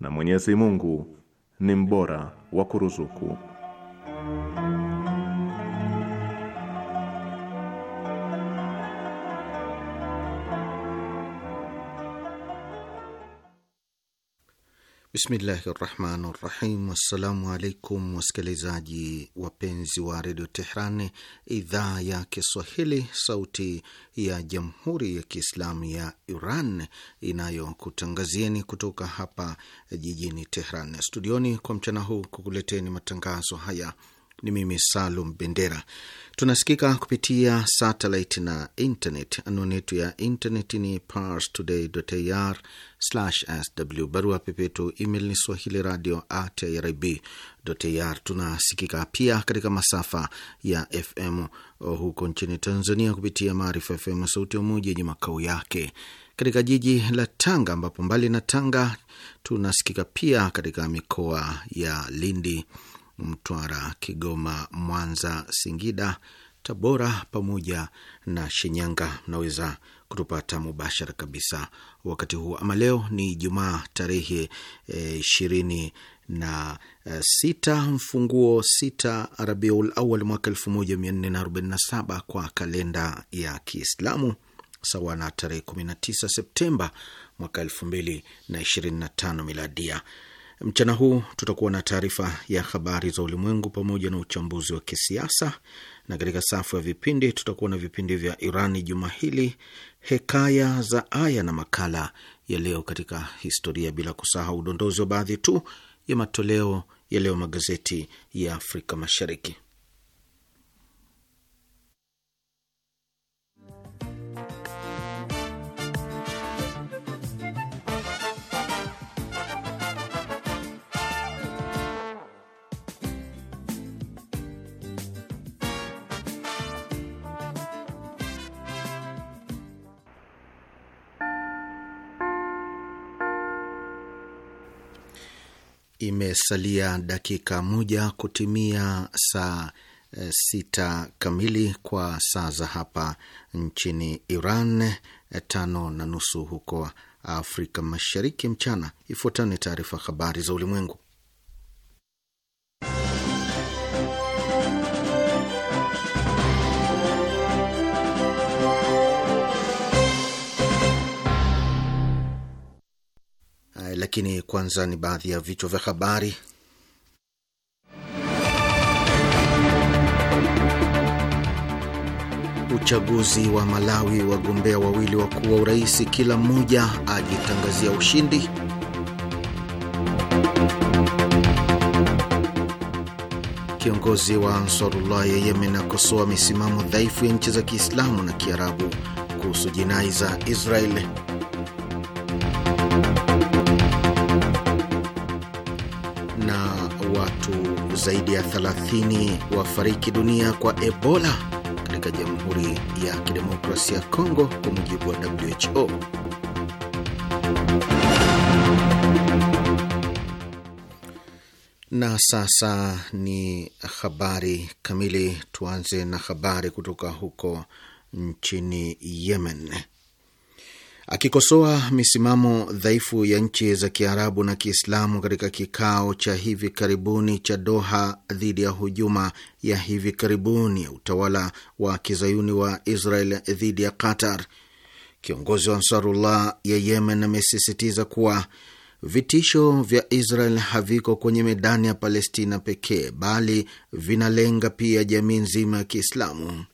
na Mwenyezi Mungu ni mbora wa kuruzuku. Bismillahi rahmani rahim. Assalamu alaikum wasikilizaji wapenzi wa redio Tehran, idhaa ya Kiswahili, sauti ya jamhuri ya Kiislamu ya Iran inayokutangazieni kutoka hapa jijini Tehran studioni kwa mchana huu kukuleteni matangazo haya ni mimi Salum Bendera. Tunasikika kupitia satellite na internet. Anwani yetu ya internet ni parstoday.ir/sw. Barua pepe yetu email ni swahili radio at irib.ir. Tunasikika pia katika masafa ya FM huko nchini Tanzania kupitia Maarifa FM Sauti ya Umoja yenye makao yake katika jiji la Tanga, ambapo mbali na Tanga tunasikika pia katika mikoa ya Lindi Mtwara, Kigoma, Mwanza, Singida, Tabora pamoja na Shinyanga. Mnaweza kutupata mubashara kabisa wakati huu. Ama leo ni Jumaa tarehe e, ishirini na e, sita mfunguo sita Rabiul Awal mwaka elfu moja mia nne na arobaini na saba kwa kalenda ya Kiislamu sawa na tarehe tisa Septemba mwaka na tano miladia. Mchana huu tutakuwa na taarifa ya habari za ulimwengu pamoja na uchambuzi wa kisiasa, na katika safu ya vipindi tutakuwa na vipindi vya Irani juma hili, hekaya za aya na makala ya leo katika historia, bila kusahau udondozi wa baadhi tu ya matoleo ya leo magazeti ya Afrika Mashariki. Imesalia dakika moja kutimia saa eh, sita kamili kwa saa za hapa nchini Iran, eh, tano na nusu huko Afrika Mashariki mchana. Ifuatayo ni taarifa habari za ulimwengu, Eh, lakini kwanza ni baadhi ya vichwa vya habari. Uchaguzi wa Malawi, wagombea wawili wakuu wa urais kila mmoja ajitangazia ushindi. Kiongozi wa Ansarullah ya Yemen akosoa misimamo dhaifu ya nchi za Kiislamu na Kiarabu kuhusu jinai za Israeli. zaidi ya 30 wafariki dunia kwa Ebola katika Jamhuri ya Kidemokrasia ya Kongo kwa mujibu wa WHO. Na sasa ni habari kamili. Tuanze na habari kutoka huko nchini Yemen akikosoa misimamo dhaifu ya nchi za Kiarabu na Kiislamu katika kikao cha hivi karibuni cha Doha dhidi ya hujuma ya hivi karibuni ya utawala wa kizayuni wa Israel dhidi ya Qatar. Kiongozi wa Ansarullah ya Yemen amesisitiza kuwa vitisho vya Israel haviko kwenye medani ya Palestina pekee, bali vinalenga pia jamii nzima ya Kiislamu.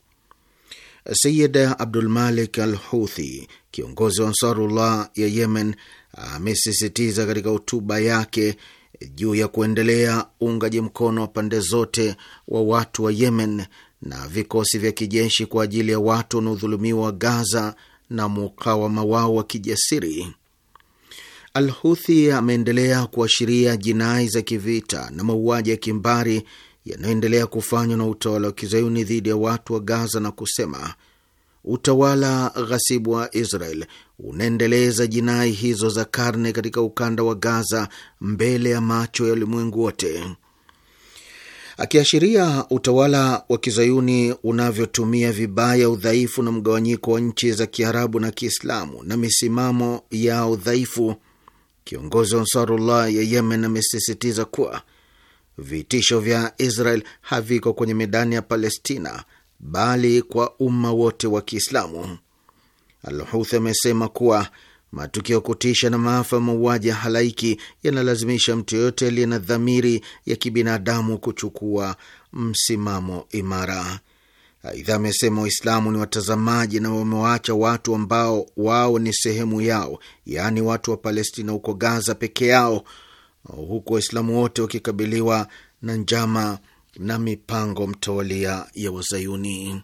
Sayid Abdul Malik al Huthi, kiongozi wa Ansarullah ya Yemen, amesisitiza katika hotuba yake juu ya kuendelea uungaji mkono wa pande zote wa watu wa Yemen na vikosi vya kijeshi kwa ajili ya watu wanaodhulumiwa Gaza na mukawama wao wa kijasiri. Al Huthi ameendelea kuashiria jinai za kivita na mauaji ya kimbari yanaendelea kufanywa na utawala wa kizayuni dhidi ya watu wa Gaza na kusema utawala ghasibu wa Israel unaendeleza jinai hizo za karne katika ukanda wa Gaza mbele ya macho ya ulimwengu wote, akiashiria utawala wa kizayuni unavyotumia vibaya udhaifu na mgawanyiko wa nchi za Kiarabu na Kiislamu na misimamo ya udhaifu. Kiongozi wa Ansarullah ya Yemen amesisitiza kuwa Vitisho vya Israel haviko kwenye medani ya Palestina, bali kwa umma wote wa Kiislamu. Alhuthi amesema kuwa matukio ya kutisha na maafa ya mauaji ya halaiki yanalazimisha mtu yoyote aliye na dhamiri ya kibinadamu kuchukua msimamo imara. Aidha amesema Waislamu ni watazamaji na wamewaacha watu ambao wao ni sehemu yao, yaani watu wa Palestina huko Gaza peke yao huku Waislamu wote wakikabiliwa na njama na mipango mtawalia ya Wazayuni.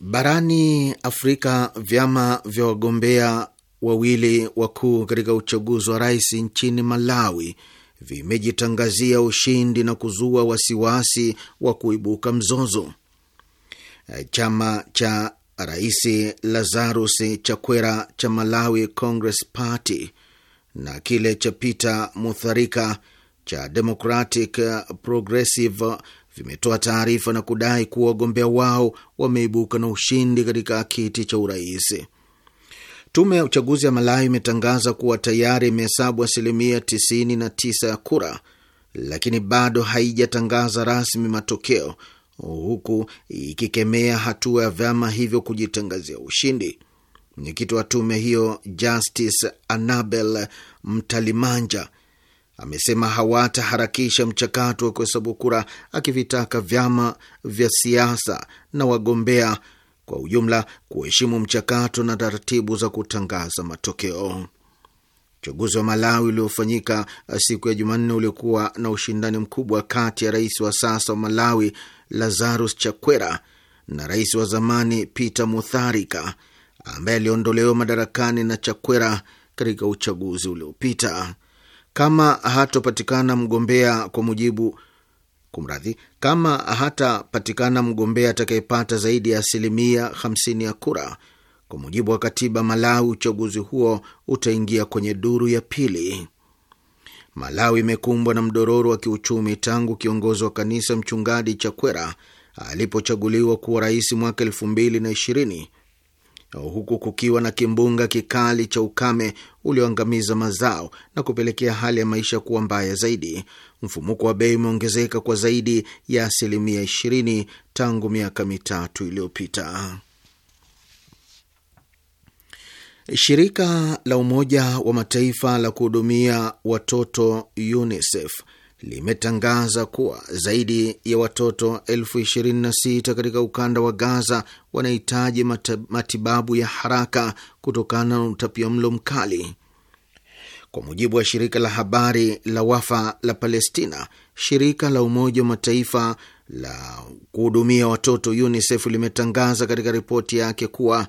Barani Afrika, vyama vya wagombea wawili wakuu katika uchaguzi wa rais nchini Malawi vimejitangazia ushindi na kuzua wasiwasi wa kuibuka mzozo. Chama cha Rais Lazarus Chakwera cha Malawi Congress Party na kile cha Peter Mutharika cha Democratic Progressive vimetoa taarifa na kudai kuwa wagombea wao wameibuka na ushindi katika kiti cha urais. Tume ya uchaguzi ya Malawi imetangaza kuwa tayari imehesabu asilimia 99 ya kura, lakini bado haijatangaza rasmi matokeo, huku ikikemea hatua ya vyama hivyo kujitangazia ushindi. Mwenyekiti wa tume hiyo Justice Annabel Mtalimanja amesema hawataharakisha mchakato wa kuhesabu kura, akivitaka vyama vya siasa na wagombea kwa ujumla kuheshimu mchakato na taratibu za kutangaza matokeo. Uchaguzi wa Malawi uliofanyika siku ya Jumanne uliokuwa na ushindani mkubwa kati ya rais wa sasa wa Malawi Lazarus Chakwera na rais wa zamani Peter Mutharika ambaye aliondolewa madarakani na Chakwera katika uchaguzi uliopita. Kama hatopatikana mgombea kwa mujibu Kumradhi, kama hatapatikana mgombea atakayepata zaidi ya asilimia 50 ya kura, kwa mujibu wa katiba Malawi, uchaguzi huo utaingia kwenye duru ya pili. Malawi imekumbwa na mdororo wa kiuchumi tangu kiongozi wa kanisa mchungaji Chakwera alipochaguliwa kuwa rais mwaka elfu mbili na ishirini huku kukiwa na kimbunga kikali cha ukame ulioangamiza mazao na kupelekea hali ya maisha kuwa mbaya zaidi. Mfumuko wa bei umeongezeka kwa zaidi ya asilimia 20 tangu miaka mitatu iliyopita. Shirika la Umoja wa Mataifa la kuhudumia watoto UNICEF limetangaza kuwa zaidi ya watoto elfu 26 katika ukanda wa Gaza wanahitaji matibabu ya haraka kutokana na utapia mlo mkali. Kwa mujibu wa shirika la habari la Wafa la Palestina, shirika la Umoja wa Mataifa la kuhudumia watoto UNICEF limetangaza katika ripoti yake kuwa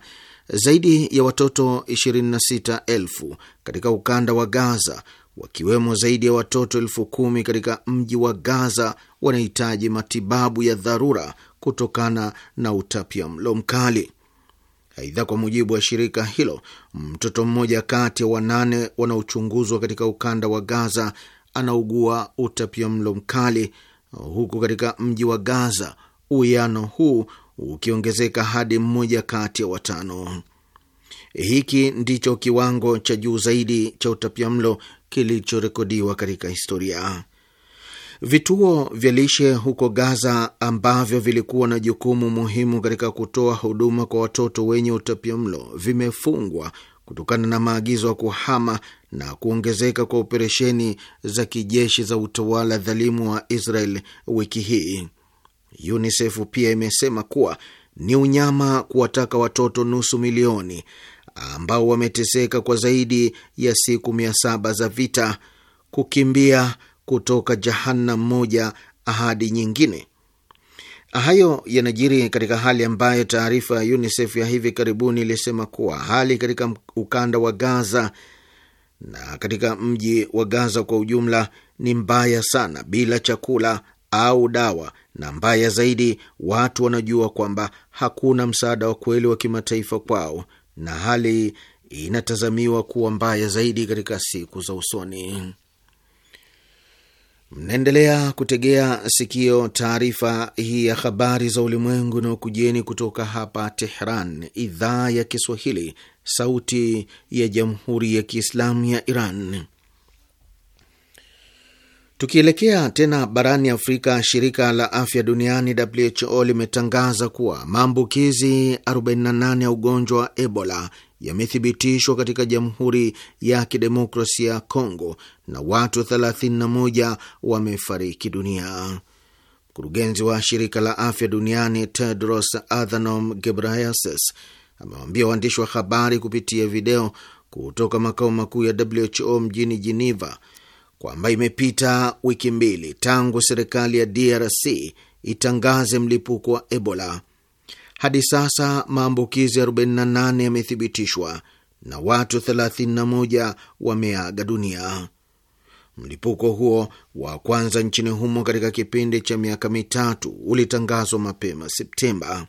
zaidi ya watoto 26,000 katika ukanda wa Gaza wakiwemo zaidi ya watoto elfu kumi katika mji wa Gaza wanahitaji matibabu ya dharura kutokana na utapia mlo mkali. Aidha, kwa mujibu wa shirika hilo, mtoto mmoja kati ya wanane wanaochunguzwa katika ukanda wa Gaza anaugua utapia mlo mkali, huku katika mji wa Gaza uwiano huu ukiongezeka hadi mmoja kati ya watano. Hiki ndicho kiwango cha juu zaidi cha utapia mlo kilichorekodiwa katika historia. Vituo vya lishe huko Gaza ambavyo vilikuwa na jukumu muhimu katika kutoa huduma kwa watoto wenye utapiamlo vimefungwa kutokana na maagizo ya kuhama na kuongezeka kwa operesheni za kijeshi za utawala dhalimu wa Israel wiki hii. UNICEF pia imesema kuwa ni unyama kuwataka watoto nusu milioni ambao wameteseka kwa zaidi ya siku mia saba za vita, kukimbia kutoka jahanam moja ahadi nyingine. Hayo yanajiri katika hali ambayo taarifa ya UNICEF ya hivi karibuni ilisema kuwa hali katika ukanda wa Gaza na katika mji wa Gaza kwa ujumla ni mbaya sana, bila chakula au dawa, na mbaya zaidi, watu wanajua kwamba hakuna msaada wa kweli wa kimataifa kwao, na hali inatazamiwa kuwa mbaya zaidi katika siku za usoni. Mnaendelea kutegea sikio taarifa hii ya habari za ulimwengu na ukujieni kutoka hapa Tehran, idhaa ya Kiswahili, sauti ya jamhuri ya kiislamu ya Iran. Tukielekea tena barani Afrika, shirika la afya duniani WHO limetangaza kuwa maambukizi 48 ya ugonjwa wa Ebola yamethibitishwa katika Jamhuri ya Kidemokrasia ya Kongo na watu 31 wamefariki dunia. Mkurugenzi wa shirika la afya duniani Tedros Adhanom Ghebreyesus amewaambia waandishi wa habari kupitia video kutoka makao makuu ya WHO mjini Geneva kwamba imepita wiki mbili tangu serikali ya DRC itangaze mlipuko wa Ebola. Hadi sasa maambukizi 48 yamethibitishwa na watu 31 wameaga dunia. Mlipuko huo wa kwanza nchini humo katika kipindi cha miaka mitatu ulitangazwa mapema Septemba.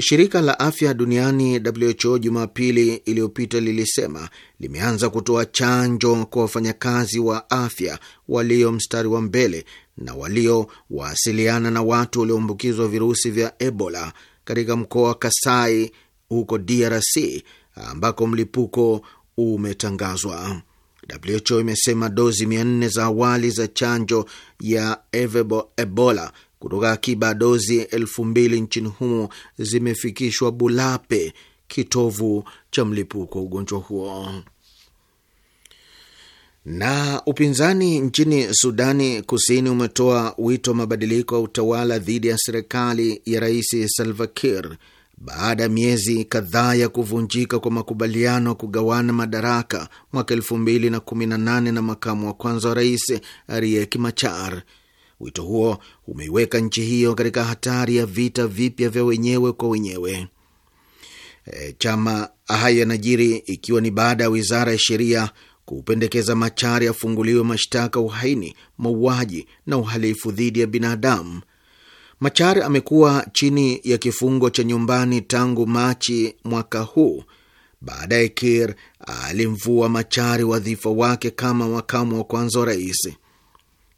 Shirika la afya duniani WHO Jumapili iliyopita lilisema limeanza kutoa chanjo kwa wafanyakazi wa afya walio mstari wa mbele na waliowasiliana na watu walioambukizwa virusi vya Ebola katika mkoa wa Kasai huko DRC ambako mlipuko umetangazwa. WHO imesema dozi 4 za awali za chanjo ya Ebola kutoka akiba dozi elfu mbili nchini humo zimefikishwa Bulape, kitovu cha mlipuko wa ugonjwa huo. Na upinzani nchini Sudani Kusini umetoa wito wa mabadiliko ya utawala dhidi ya serikali ya Rais Salva Kiir baada ya miezi kadhaa ya kuvunjika kwa makubaliano ya kugawana madaraka mwaka elfu mbili na kumi na nane na makamu wa kwanza wa rais Riek Machar. Wito huo umeiweka nchi hiyo katika hatari ya vita vipya vya wenyewe kwa wenyewe. E, chama haya yanajiri ikiwa ni baada ya wizara ya sheria kupendekeza Machari afunguliwe mashtaka uhaini, mauaji na uhalifu dhidi ya binadamu. machari amekuwa chini ya kifungo cha nyumbani tangu Machi mwaka huu. Baadaye Kir alimvua Machari wadhifa wake kama makamu wa kwanza wa rais.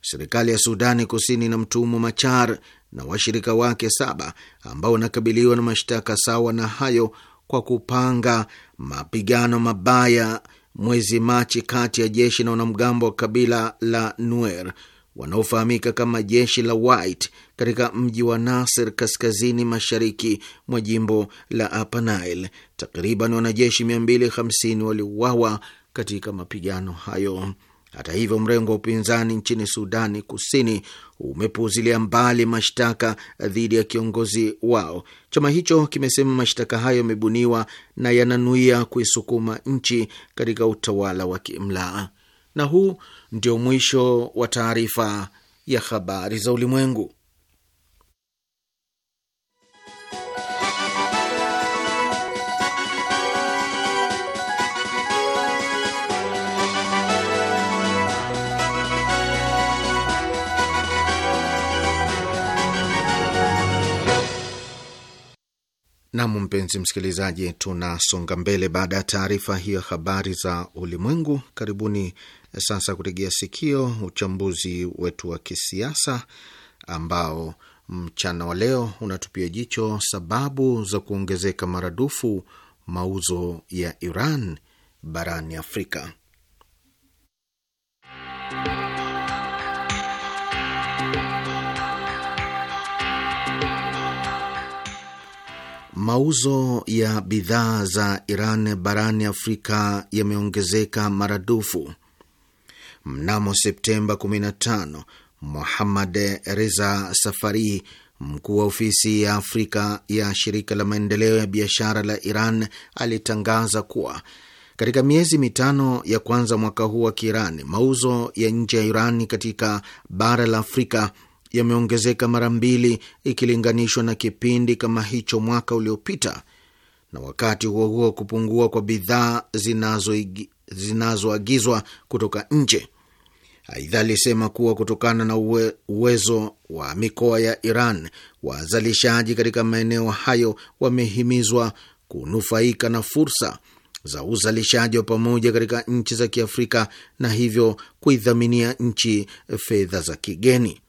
Serikali ya Sudani Kusini na mtumwa Machar na washirika wake saba ambao wanakabiliwa na mashtaka sawa na hayo kwa kupanga mapigano mabaya mwezi Machi kati ya jeshi na wanamgambo wa kabila la Nuer wanaofahamika kama jeshi la White katika mji wa Nasir kaskazini mashariki mwa jimbo la Upper Nile. Takriban wanajeshi 250 waliuawa katika mapigano hayo. Hata hivyo, mrengo wa upinzani nchini Sudani Kusini umepuuzilia mbali mashtaka dhidi ya kiongozi wao. Chama hicho kimesema mashtaka hayo yamebuniwa na yananuia kuisukuma nchi katika utawala wa kiimla. Na huu ndio mwisho wa taarifa ya habari za ulimwengu. Nam, mpenzi msikilizaji, tunasonga mbele baada ya taarifa hiyo habari za ulimwengu. Karibuni sasa kutegea sikio uchambuzi wetu wa kisiasa ambao mchana wa leo unatupia jicho sababu za kuongezeka maradufu mauzo ya Iran barani Afrika. Mauzo ya bidhaa za Iran barani Afrika yameongezeka maradufu. Mnamo Septemba 15, Muhammad Reza Safari, mkuu wa ofisi ya Afrika ya shirika la maendeleo ya biashara la Iran, alitangaza kuwa katika miezi mitano ya kwanza mwaka huu wa Kiirani, mauzo ya nje ya Iran katika bara la Afrika yameongezeka mara mbili ikilinganishwa na kipindi kama hicho mwaka uliopita, na wakati huo huo kupungua kwa bidhaa zinazoagizwa kutoka nje. Aidha, alisema kuwa kutokana na uwe, uwezo wa mikoa ya Iran, wazalishaji katika maeneo hayo wamehimizwa kunufaika na fursa za uzalishaji wa pamoja katika nchi za Kiafrika na hivyo kuidhaminia nchi fedha za kigeni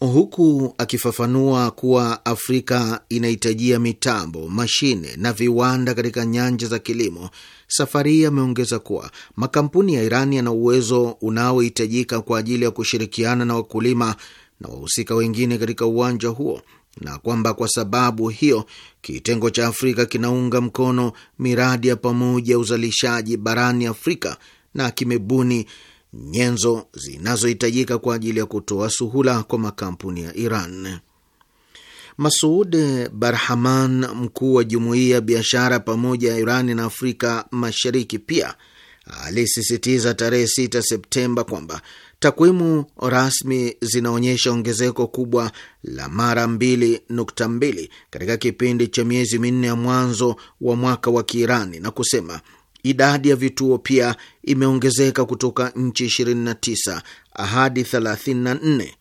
huku akifafanua kuwa Afrika inahitajia mitambo, mashine na viwanda katika nyanja za kilimo. Safari hii ameongeza kuwa makampuni ya Iran yana uwezo unaohitajika kwa ajili ya kushirikiana na wakulima na wahusika wengine katika uwanja huo, na kwamba kwa sababu hiyo kitengo cha Afrika kinaunga mkono miradi ya pamoja ya uzalishaji barani Afrika na kimebuni nyenzo zinazohitajika kwa ajili ya kutoa suhula kwa makampuni ya Iran. Masud Barhaman, mkuu wa jumuiya ya biashara pamoja ya iran na Afrika Mashariki, pia alisisitiza tarehe 6 Septemba kwamba takwimu rasmi zinaonyesha ongezeko kubwa la mara 2.2 katika kipindi cha miezi minne ya mwanzo wa mwaka wa Kiirani na kusema Idadi ya vituo pia imeongezeka kutoka nchi 29 hadi 34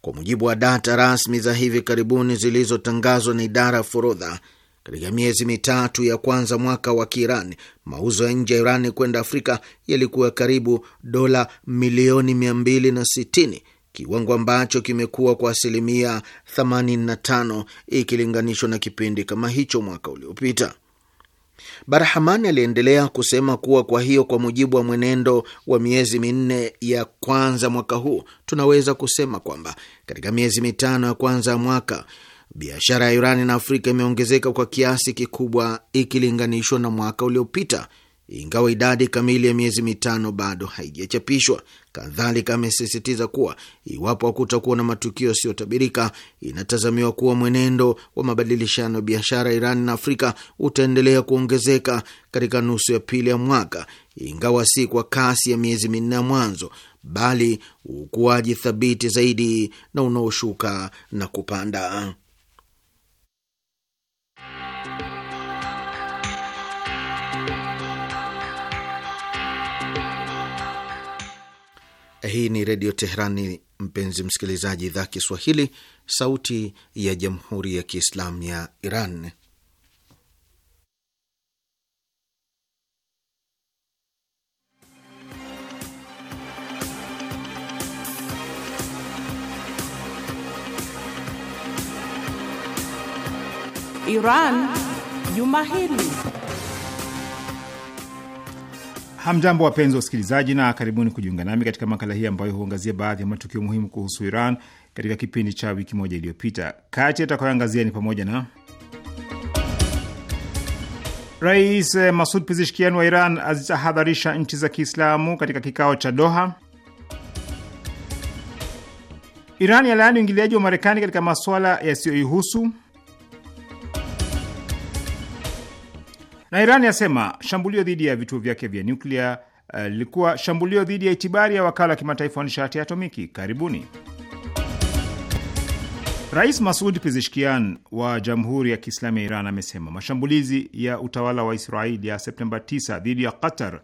kwa mujibu wa data rasmi za hivi karibuni zilizotangazwa na idara ya forodha. Katika miezi mitatu ya kwanza mwaka wa Kiirani, mauzo ya nje ya Irani kwenda Afrika yalikuwa karibu dola milioni 260, kiwango ambacho kimekuwa kwa asilimia 85 ikilinganishwa na kipindi kama hicho mwaka uliopita barahaman aliendelea kusema kuwa kwa hiyo, kwa mujibu wa mwenendo wa miezi minne ya kwanza mwaka huu, tunaweza kusema kwamba katika miezi mitano ya kwanza ya mwaka biashara ya Irani na Afrika imeongezeka kwa kiasi kikubwa ikilinganishwa na mwaka uliopita, ingawa idadi kamili ya miezi mitano bado haijachapishwa. Kadhalika amesisitiza kuwa iwapo hakutakuwa na matukio yasiyotabirika, inatazamiwa kuwa mwenendo wa mabadilishano ya biashara Iran na Afrika utaendelea kuongezeka katika nusu ya pili ya mwaka, ingawa si kwa kasi ya miezi minne ya mwanzo, bali ukuaji thabiti zaidi na unaoshuka na kupanda. Hii ni Redio Teherani, mpenzi msikilizaji, idhaa Kiswahili, sauti ya Jamhuri ya Kiislamu ya Iran. Iran Juma Hili. Hamjambo, wapenzi wa usikilizaji, na karibuni kujiunga nami katika makala hii ambayo huangazia baadhi ya matukio muhimu kuhusu Iran katika kipindi cha wiki moja iliyopita. Kati atakayoangazia ni pamoja na Rais Masud pizishkian wa Iran azitahadharisha nchi za Kiislamu katika kikao cha Doha. Iran yalaani uingiliaji wa Marekani katika masuala yasiyoihusu. Na Iran yasema shambulio dhidi ya vituo vyake vya nyuklia eh, lilikuwa uh, shambulio dhidi ya itibari ya wakala wa kimataifa wa nishati ya atomiki. Karibuni. Rais Masud Pezeshkian wa Jamhuri ya Kiislamu ya Iran amesema mashambulizi ya utawala wa Israeli ya Septemba 9 dhidi ya Qatar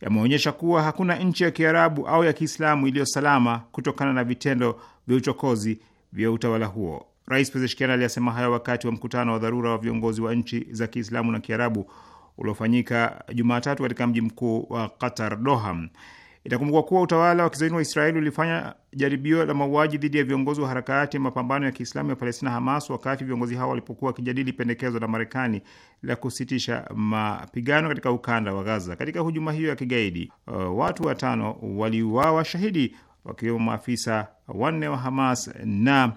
yameonyesha kuwa hakuna nchi ya Kiarabu au ya Kiislamu iliyo salama kutokana na vitendo vya uchokozi vya utawala huo. Rais Pezeshkian aliyasema hayo wakati wa mkutano wa dharura wa viongozi wa nchi za Kiislamu na Kiarabu uliofanyika Jumatatu katika mji mkuu wa Qatar, Doha. Itakumbukwa kuwa utawala wa kizaini wa Israeli ulifanya jaribio la mauaji dhidi ya viongozi wa harakati ya mapambano ya Kiislamu ya Palestina, Hamas, wakati viongozi hao walipokuwa wakijadili pendekezo la Marekani la kusitisha mapigano katika ukanda wa Gaza. Katika hujuma hiyo ya kigaidi, uh, watu watano waliuawa shahidi wakiwemo maafisa wanne wa Hamas na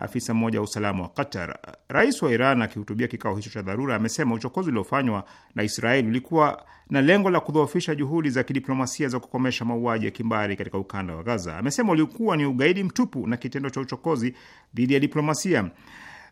afisa mmoja wa usalama wa Qatar. Rais wa Iran akihutubia kikao hicho cha dharura amesema uchokozi uliofanywa na Israeli ulikuwa na lengo la kudhoofisha juhudi za kidiplomasia za kukomesha mauaji ya kimbari katika ukanda wa Gaza. Amesema ulikuwa ni ugaidi mtupu na kitendo cha uchokozi dhidi ya diplomasia.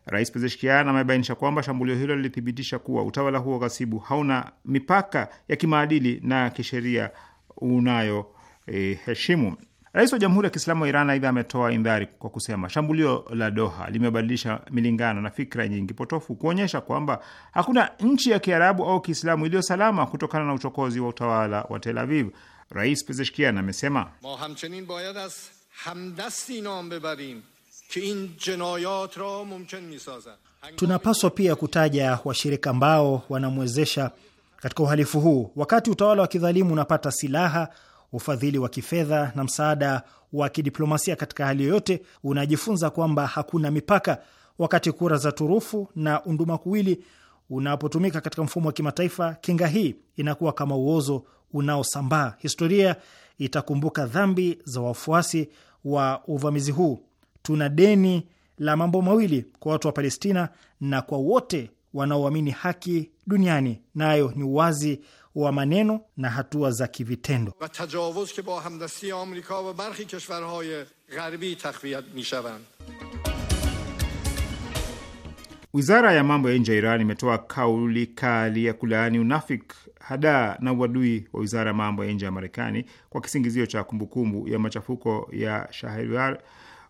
Rais Pezeshkian amebainisha kwamba shambulio hilo lilithibitisha kuwa utawala huo ghasibu hauna mipaka ya kimaadili na kisheria unayoheshimu. Eh, Rais wa Jamhuri ya Kiislamu wa Iran aidha ametoa indhari kwa kusema shambulio la Doha limebadilisha milingano na fikra nyingi potofu, kuonyesha kwamba hakuna nchi ya Kiarabu au Kiislamu iliyo salama kutokana na uchokozi wa utawala wa Tel Aviv. Rais Pezeshkian amesema tunapaswa pia kutaja washirika ambao wanamwezesha katika uhalifu huu. Wakati utawala wa kidhalimu unapata silaha ufadhili wa kifedha na msaada wa kidiplomasia katika hali yoyote, unajifunza kwamba hakuna mipaka. Wakati kura za turufu na undumakuwili unapotumika katika mfumo wa kimataifa, kinga hii inakuwa kama uozo unaosambaa. Historia itakumbuka dhambi za wafuasi wa uvamizi huu. Tuna deni la mambo mawili kwa watu wa Palestina na kwa wote wanaoamini haki duniani, nayo ni uwazi wa maneno na hatua za kivitendo. Wizara ya mambo ya nje ya Iran imetoa kauli kali ya kulaani unafik hadaa na uadui wa wizara ya mambo ya nje ya Marekani kwa kisingizio cha kumbukumbu ya machafuko ya shahrar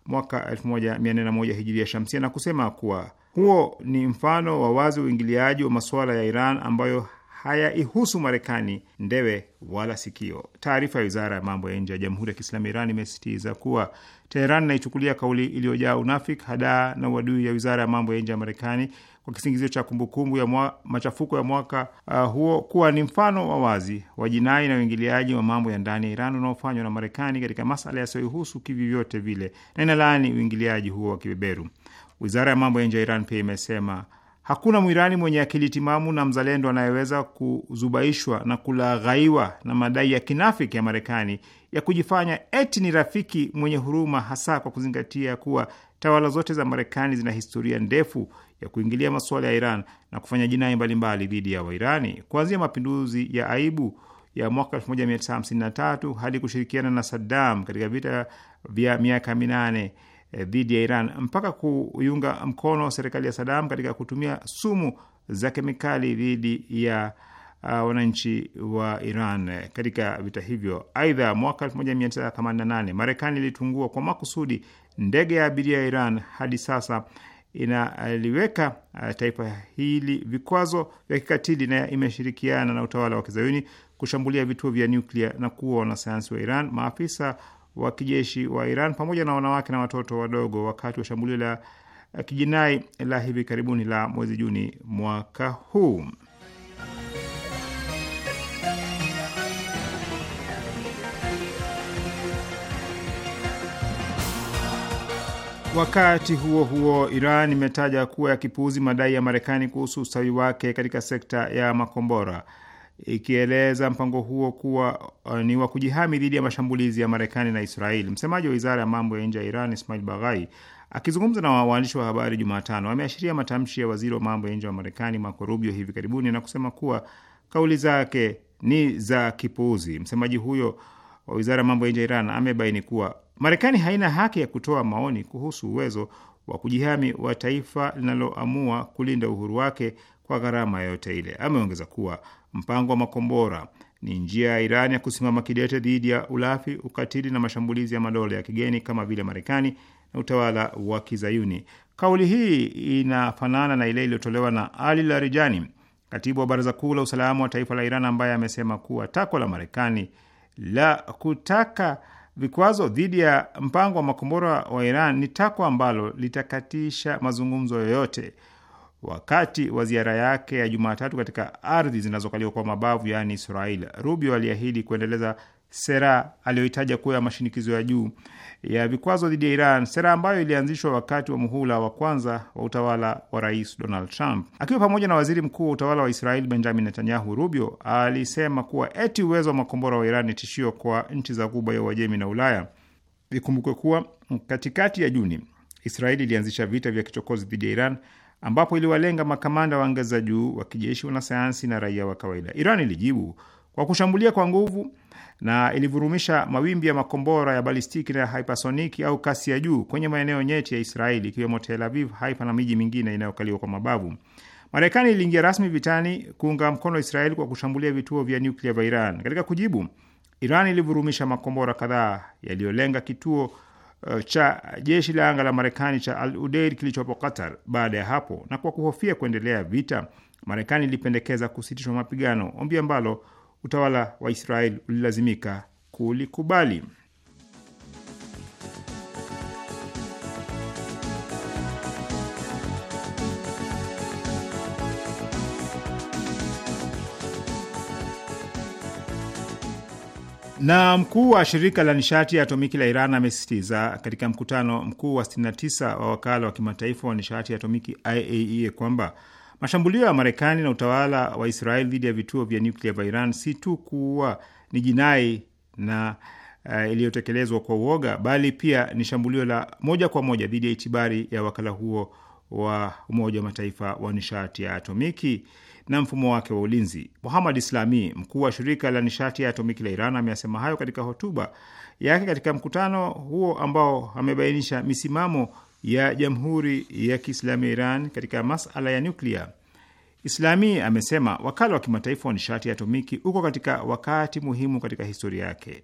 mwaka 1401 hijiria shamsia, na kusema kuwa huo ni mfano wa wazi uingiliaji wa masuala ya Iran ambayo hayaihusu Marekani ndewe wala sikio. Taarifa ya wizara ya mambo ya nje ya Jamhuri ya Kiislamu ya Iran imesisitiza kuwa Teheran inaichukulia kauli iliyojaa unafiki, hadaa na uadui ya wizara ya mambo ya nje ya Marekani kwa kisingizio cha kumbukumbu ya mwa, machafuko ya mwaka uh, huo kuwa ni mfano wa wazi wa jinai na uingiliaji wa mambo ya ndani ya Iran unaofanywa na Marekani katika masala yasiyoihusu kivyovyote vile, na inalaani uingiliaji huo wa kibeberu. Wizara ya mambo ya nje ya Iran pia imesema Hakuna Mwirani mwenye akili timamu na mzalendo anayeweza kuzubaishwa na kulaghaiwa na madai ya kinafiki ya Marekani ya kujifanya eti ni rafiki mwenye huruma, hasa kwa kuzingatia kuwa tawala zote za Marekani zina historia ndefu ya kuingilia masuala ya Iran na kufanya jinai mbalimbali dhidi ya Wairani, kuanzia mapinduzi ya aibu ya mwaka 1953 hadi kushirikiana na Saddam katika vita vya miaka minane Eh, dhidi ya Iran mpaka kuiunga mkono serikali ya Sadam katika kutumia sumu za kemikali dhidi ya uh, wananchi wa Iran katika vita hivyo. Aidha, mwaka 1988 Marekani ilitungua kwa makusudi ndege ya abiria ya Iran. Hadi sasa inaliweka uh, taifa hili vikwazo vya kikatili na imeshirikiana na utawala wa kizayuni kushambulia vituo vya nyuklia na kuwa wanasayansi wa Iran, maafisa wa kijeshi wa Iran pamoja na wanawake na watoto wadogo wakati wa shambulio la kijinai la hivi karibuni la mwezi Juni mwaka huu. Wakati huo huo, Iran imetaja kuwa ya kipuuzi madai ya Marekani kuhusu ustawi wake katika sekta ya makombora ikieleza mpango huo kuwa uh, ni wa kujihami dhidi ya mashambulizi ya Marekani na israel Msemaji wa wizara ya mambo ya nje ya Iran Ismail Baghai akizungumza na waandishi wa habari Jumatano ameashiria matamshi ya waziri wa mambo ya nje wa Marekani Marco Rubio hivi karibuni na kusema kuwa kauli zake ni za kipuuzi. Msemaji huyo wa wizara ya mambo ya nje ya Iran amebaini kuwa Marekani haina haki ya kutoa maoni kuhusu uwezo wa kujihami wa taifa linaloamua kulinda uhuru wake kwa gharama yoyote ile. Ameongeza kuwa mpango wa makombora ni njia ya Iran ya kusimama kidete dhidi ya ulafi, ukatili na mashambulizi ya madola ya kigeni kama vile Marekani na utawala wa Kizayuni. Kauli hii inafanana na ile iliyotolewa na Ali Larijani, katibu wa Baraza Kuu la Usalama wa Taifa la Iran, ambaye amesema kuwa takwa la Marekani la kutaka vikwazo dhidi ya mpango wa makombora wa Iran ni takwa ambalo litakatisha mazungumzo yoyote wakati wa ziara yake ya Jumatatu katika ardhi zinazokaliwa kwa mabavu yaani Israel, Rubio aliahidi kuendeleza sera aliyoitaja kuwa ya mashinikizo ya juu ya vikwazo dhidi ya Iran, sera ambayo ilianzishwa wakati wa muhula wa kwanza wa utawala wa Rais Donald Trump. Akiwa pamoja na waziri mkuu wa utawala wa Israel Benjamin Netanyahu, Rubio alisema kuwa eti uwezo wa makombora wa Iran ni tishio kwa nchi za Ghuba ya Uajemi na Ulaya. Ikumbukwe kuwa katikati ya Juni Israeli ilianzisha vita vya kichokozi dhidi ya Iran ambapo iliwalenga makamanda wa anga za juu wa kijeshi, wanasayansi na raia wa kawaida. Iran ilijibu kwa kushambulia kwa nguvu na ilivurumisha mawimbi ya makombora ya balistiki na hypersoniki au kasi ya juu kwenye maeneo nyeti ya Israeli ikiwemo Tel Aviv, Haifa na miji mingine inayokaliwa kwa mabavu. Marekani iliingia rasmi vitani kuunga mkono Israeli kwa kushambulia vituo vya nyuklia vya Iran. Katika kujibu, Iran ilivurumisha makombora kadhaa yaliyolenga kituo Eh, cha jeshi la anga la Marekani cha Al Udeid kilichopo Qatar. Baada ya hapo, na kwa kuhofia kuendelea vita, Marekani ilipendekeza kusitishwa mapigano, ombi ambalo utawala wa Israel ulilazimika kulikubali. Na mkuu wa shirika la nishati ya atomiki la Iran amesisitiza katika mkutano mkuu wa 69 wa wakala wa kimataifa wa nishati ya atomiki IAEA e, kwamba mashambulio ya Marekani na utawala wa israel dhidi ya vituo vya nyuklia vya Iran si tu kuwa ni jinai na uh, iliyotekelezwa kwa uoga, bali pia ni shambulio la moja kwa moja dhidi ya itibari ya wakala huo wa Umoja wa Mataifa wa nishati ya atomiki na mfumo wake wa ulinzi. Muhamad Islami, mkuu wa shirika la nishati ya atomiki la Iran, ameyasema hayo katika hotuba yake katika mkutano huo ambao amebainisha misimamo ya Jamhuri ya Kiislamu ya Iran katika masala ya nuklia. Islami amesema wakala wa kimataifa wa nishati ya atomiki uko katika wakati muhimu katika historia yake.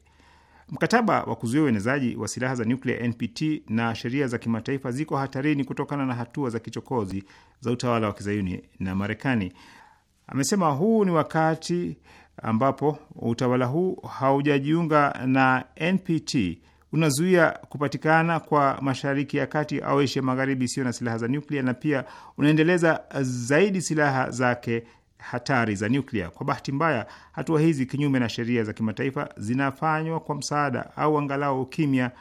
Mkataba wa kuzuia uenezaji wa silaha za nuklia NPT na sheria za kimataifa ziko hatarini kutokana na hatua za kichokozi za utawala wa kizayuni na Marekani. Amesema huu ni wakati ambapo utawala huu haujajiunga na NPT unazuia kupatikana kwa Mashariki ya Kati au Asia Magharibi isiyo na silaha za nyuklia na pia unaendeleza zaidi silaha zake hatari za nyuklia. Kwa bahati mbaya, hatua hizi kinyume na sheria za kimataifa zinafanywa kwa msaada au angalau ukimya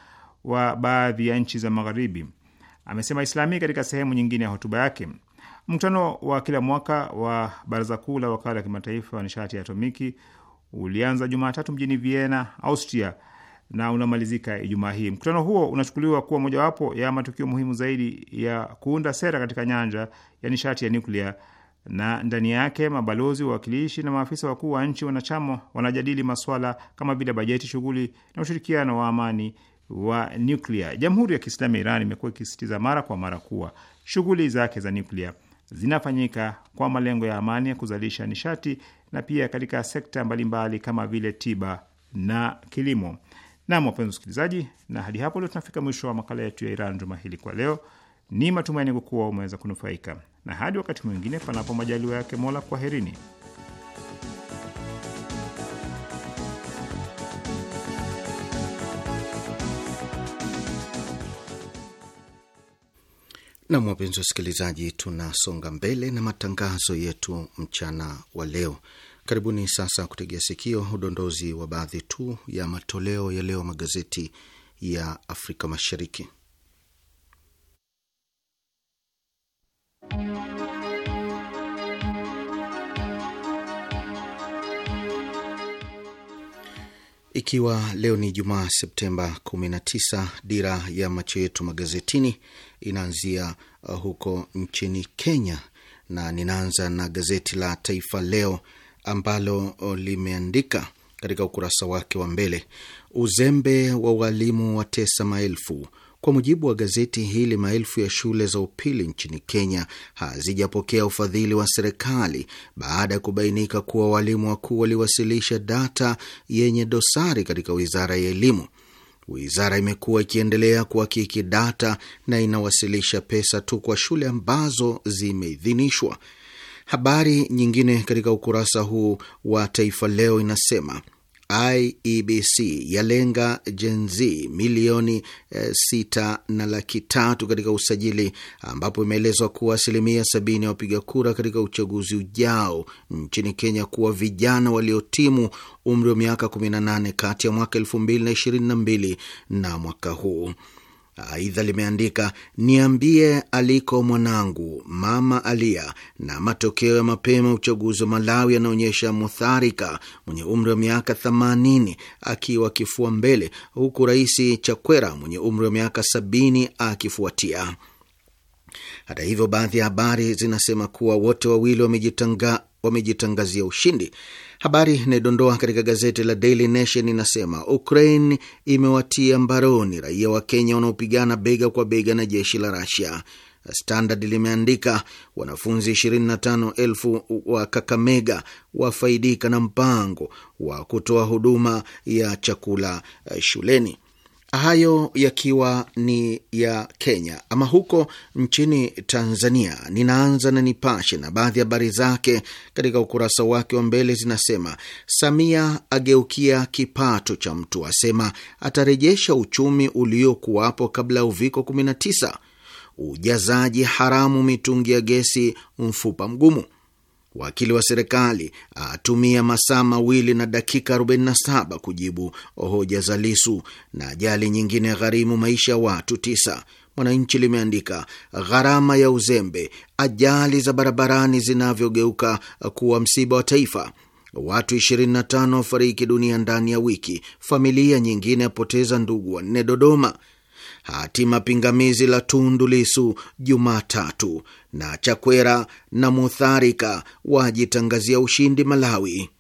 wa baadhi ya nchi za Magharibi, amesema Islami katika sehemu nyingine ya hotuba yake. Mkutano wa kila mwaka wa Baraza Kuu la Wakala wa Kimataifa wa Nishati ya Atomiki ulianza Jumatatu mjini Vienna, Austria na unamalizika Ijumaa hii. Mkutano huo unachukuliwa kuwa mojawapo ya matukio muhimu zaidi ya kuunda sera katika nyanja ya nishati ya nuklia, na ndani yake mabalozi, wawakilishi na maafisa wakuu wa nchi wanachama wanajadili maswala kama vile bajeti, shughuli na ushirikiano wa amani wa nuklia. Jamhuri ya Kiislamu ya Iran imekuwa ikisisitiza mara kwa mara kuwa shughuli zake za nuklia zinafanyika kwa malengo ya amani ya kuzalisha nishati na pia katika sekta mbalimbali mbali kama vile tiba na kilimo. Nam, wapenzi usikilizaji na hadi hapo ndio tunafika mwisho wa makala yetu ya Iran juma hili kwa leo. Ni matumaini kuwa umeweza kunufaika, na hadi wakati mwingine, panapo majaliwa yake Mola, kwaherini. Nam, wapenzi wasikilizaji, tunasonga mbele na matangazo yetu mchana wa leo. Karibuni sasa kutegea sikio udondozi wa baadhi tu ya matoleo ya leo magazeti ya Afrika Mashariki. Ikiwa leo ni Jumaa Septemba 19, dira ya macho yetu magazetini inaanzia uh, huko nchini Kenya, na ninaanza na gazeti la Taifa Leo ambalo uh, limeandika katika ukurasa wake wa mbele, uzembe wa walimu watesa maelfu, kwa mujibu wa gazeti hili, maelfu ya shule za upili nchini Kenya hazijapokea ufadhili wa serikali baada ya kubainika kuwa walimu wakuu waliwasilisha data yenye dosari katika wizara ya elimu. Wizara imekuwa ikiendelea kuhakiki data na inawasilisha pesa tu kwa shule ambazo zimeidhinishwa. Habari nyingine katika ukurasa huu wa Taifa Leo inasema IEBC yalenga jenz milioni eh, sita na laki tatu katika usajili, ambapo imeelezwa kuwa asilimia sabini ya wapiga kura katika uchaguzi ujao nchini Kenya kuwa vijana waliotimu umri wa miaka 18 kati ya mwaka mbili na mwaka huu. Aidha limeandika niambie aliko mwanangu mama alia, na matokeo ya mapema uchaguzi wa Malawi yanaonyesha Mutharika mwenye umri wa miaka 80 akiwa akifua mbele, huku Rais Chakwera mwenye umri wa miaka 70 akifuatia. Hata hivyo, baadhi ya habari zinasema kuwa wote wawili wamejitangazia ushindi. Habari inayodondoa katika gazeti la Daily Nation inasema Ukraine imewatia mbaroni raia wa Kenya wanaopigana bega kwa bega na jeshi la Rasia. Standard limeandika wanafunzi 25,000 wa Kakamega wafaidika na mpango wa kutoa huduma ya chakula eh, shuleni. Hayo yakiwa ni ya Kenya. Ama huko nchini Tanzania, ninaanza na Nipashe na baadhi ya habari zake katika ukurasa wake wa mbele zinasema: Samia ageukia kipato cha mtu, asema atarejesha uchumi uliokuwapo kabla ya uviko 19. Ujazaji haramu mitungi ya gesi mfupa mgumu Wakili wa serikali atumia masaa mawili na dakika 47 kujibu hoja za Lisu. Na ajali nyingine ya gharimu maisha ya watu tisa. Mwananchi limeandika gharama ya uzembe, ajali za barabarani zinavyogeuka kuwa msiba wa taifa. Watu 25 wafariki dunia ndani ya wiki, familia nyingine apoteza ndugu wanne Dodoma hatima pingamizi la Tundu Lisu Jumatatu, na Chakwera na Mutharika wajitangazia ushindi Malawi.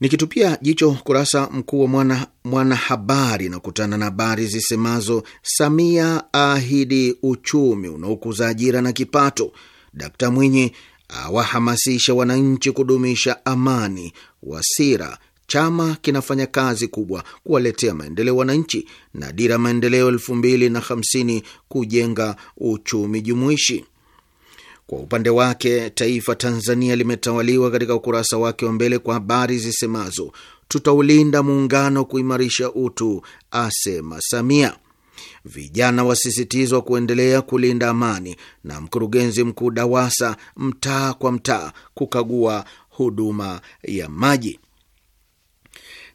Nikitupia jicho kurasa mkuu wa mwana, mwana habari na kutana na habari zisemazo Samia aahidi uchumi unaokuza ajira na kipato. Dkt Mwinyi awahamasisha wananchi kudumisha amani. Wasira Chama kinafanya kazi kubwa kuwaletea maendeleo wananchi na dira ya maendeleo elfu mbili na hamsini kujenga uchumi jumuishi. Kwa upande wake, taifa Tanzania limetawaliwa katika ukurasa wake wa mbele kwa habari zisemazo tutaulinda muungano, kuimarisha utu, asema Samia. Vijana wasisitizwa kuendelea kulinda amani, na mkurugenzi mkuu DAWASA mtaa kwa mtaa kukagua huduma ya maji.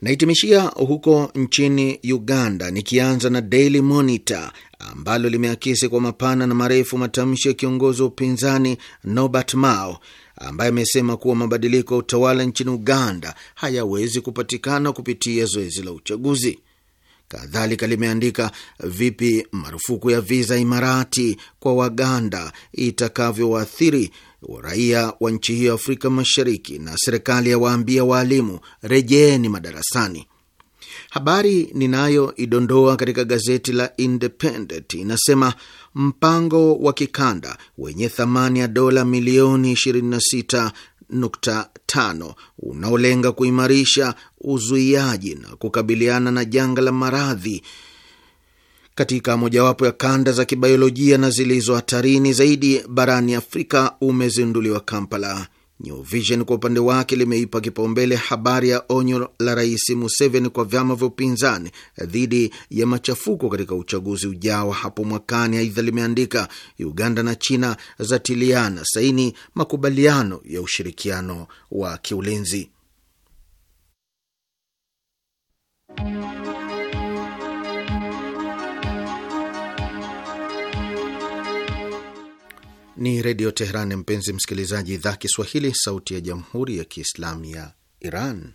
Naitimishia huko nchini Uganda, nikianza na Daily Monitor ambalo limeakisi kwa mapana na marefu matamshi ya kiongozi wa upinzani Norbert Mao ambaye amesema kuwa mabadiliko ya utawala nchini Uganda hayawezi kupatikana kupitia zoezi la uchaguzi. Kadhalika limeandika vipi marufuku ya viza Imarati kwa Waganda itakavyoathiri wa raia wa nchi hiyo Afrika Mashariki, na serikali yawaambia waalimu rejeeni madarasani. Habari ninayoidondoa katika gazeti la Independent inasema mpango wa kikanda wenye thamani ya dola milioni 26.5 unaolenga kuimarisha uzuiaji na kukabiliana na janga la maradhi katika mojawapo ya kanda za kibiolojia na zilizo hatarini zaidi barani Afrika umezinduliwa Kampala. New Vision kwa upande wake limeipa kipaumbele habari ya onyo la Rais Museveni kwa vyama vya upinzani dhidi ya machafuko katika uchaguzi ujao hapo mwakani. Aidha limeandika Uganda na China zatiliana saini makubaliano ya ushirikiano wa kiulinzi. Ni Redio Teheran, mpenzi msikilizaji, idhaa Kiswahili, sauti ya jamhuri ya kiislamu ya Iran.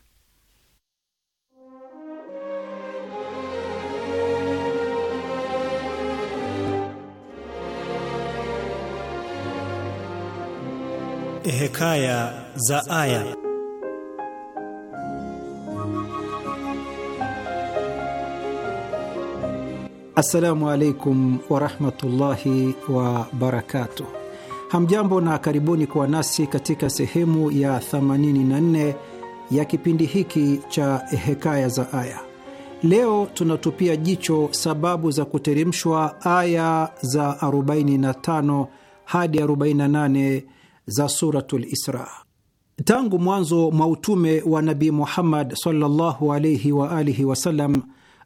Hekaya za Aya. Assalamu alaikum warahmatullahi wabarakatuh. Hamjambo na karibuni kuwa nasi katika sehemu ya 84 ya kipindi hiki cha Hekaya za Aya. Leo tunatupia jicho sababu za kuteremshwa aya za 45 hadi 48 za Suratul Isra. Tangu mwanzo mwa utume wa Nabii Muhammad sallallahu alaihi wa alihi wasallam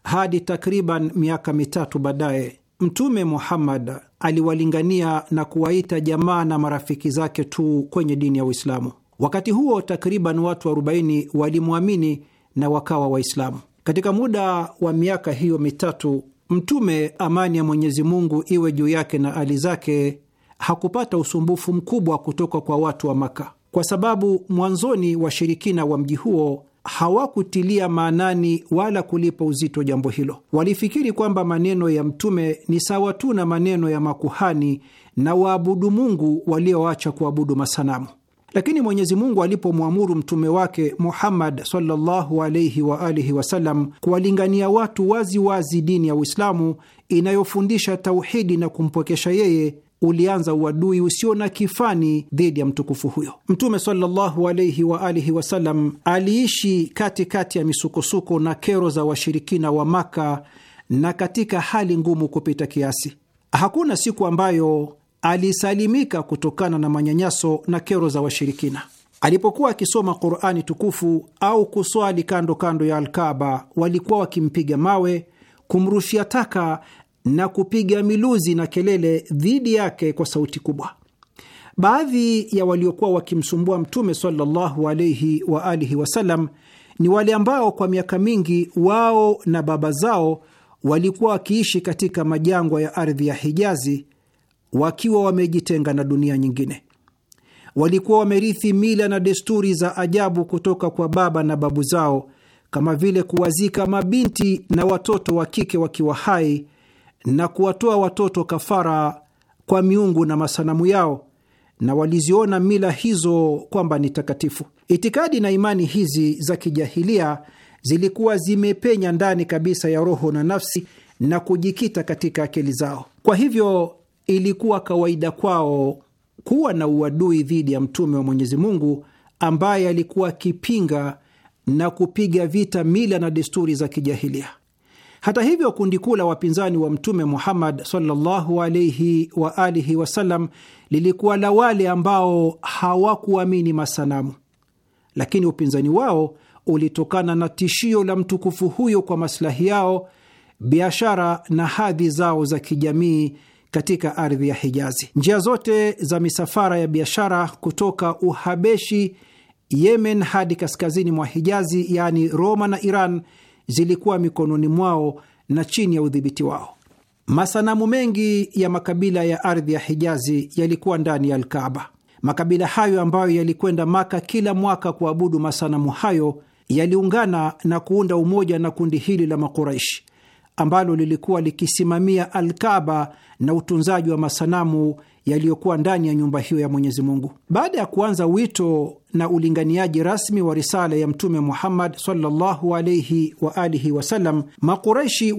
hadi takriban miaka mitatu baadaye, Mtume Muhammad aliwalingania na kuwaita jamaa na marafiki zake tu kwenye dini ya Uislamu. Wakati huo takriban watu 40 walimwamini na wakawa Waislamu. Katika muda wa miaka hiyo mitatu, Mtume, amani ya Mwenyezi Mungu iwe juu yake na ali zake, hakupata usumbufu mkubwa kutoka kwa watu wa Maka, kwa sababu mwanzoni washirikina wa mji huo hawakutilia maanani wala kulipa uzito jambo hilo. Walifikiri kwamba maneno ya Mtume ni sawa tu na maneno ya makuhani na waabudu Mungu walioacha kuabudu masanamu. Lakini Mwenyezi Mungu alipomwamuru mtume wake Muhammad sallallahu alayhi wa alihi wasallam kuwalingania watu waziwazi wazi dini ya Uislamu inayofundisha tauhidi na kumpwekesha yeye, ulianza uadui usio na kifani dhidi ya mtukufu huyo. Mtume sallallahu alaihi wa alihi wasallam aliishi katikati kati ya misukosuko na kero za washirikina wa Maka na katika hali ngumu kupita kiasi. Hakuna siku ambayo alisalimika kutokana na manyanyaso na kero za washirikina. Alipokuwa akisoma Qurani tukufu au kuswali kando kando ya Alkaba, walikuwa wakimpiga mawe, kumrushia taka na kupiga miluzi na kelele dhidi yake kwa sauti kubwa. Baadhi ya waliokuwa wakimsumbua Mtume sallallahu alaihi wa alihi wasallam ni wale ambao kwa miaka mingi wao na baba zao walikuwa wakiishi katika majangwa ya ardhi ya Hijazi wakiwa wamejitenga na dunia nyingine. Walikuwa wamerithi mila na desturi za ajabu kutoka kwa baba na babu zao, kama vile kuwazika mabinti na watoto wa kike wakiwa hai na kuwatoa watoto kafara kwa miungu na masanamu yao, na waliziona mila hizo kwamba ni takatifu. Itikadi na imani hizi za kijahilia zilikuwa zimepenya ndani kabisa ya roho na nafsi na kujikita katika akili zao. Kwa hivyo ilikuwa kawaida kwao kuwa na uadui dhidi ya mtume wa Mwenyezi Mungu ambaye alikuwa akipinga na kupiga vita mila na desturi za kijahilia. Hata hivyo, kundi kuu la wapinzani wa Mtume Muhammad sallallahu alaihi wa alihi wasallam lilikuwa la wale ambao hawakuamini masanamu, lakini upinzani wao ulitokana na tishio la mtukufu huyo kwa masilahi yao, biashara na hadhi zao za kijamii katika ardhi ya Hijazi. Njia zote za misafara ya biashara kutoka Uhabeshi, Yemen hadi kaskazini mwa Hijazi, yaani Roma na Iran zilikuwa mikononi mwao na chini ya udhibiti wao. Masanamu mengi ya makabila ya ardhi ya Hijazi yalikuwa ndani ya Alkaaba. Makabila hayo ambayo yalikwenda Maka kila mwaka kuabudu masanamu hayo yaliungana na kuunda umoja na kundi hili la Makuraishi ambalo lilikuwa likisimamia Alkaba na utunzaji wa masanamu yaliyokuwa ndani ya nyumba hiyo ya Mwenyezi Mungu. Baada ya kuanza wito na ulinganiaji rasmi wa risala ya Mtume Muhammad sallallahu alaihi wa alihi wasallam,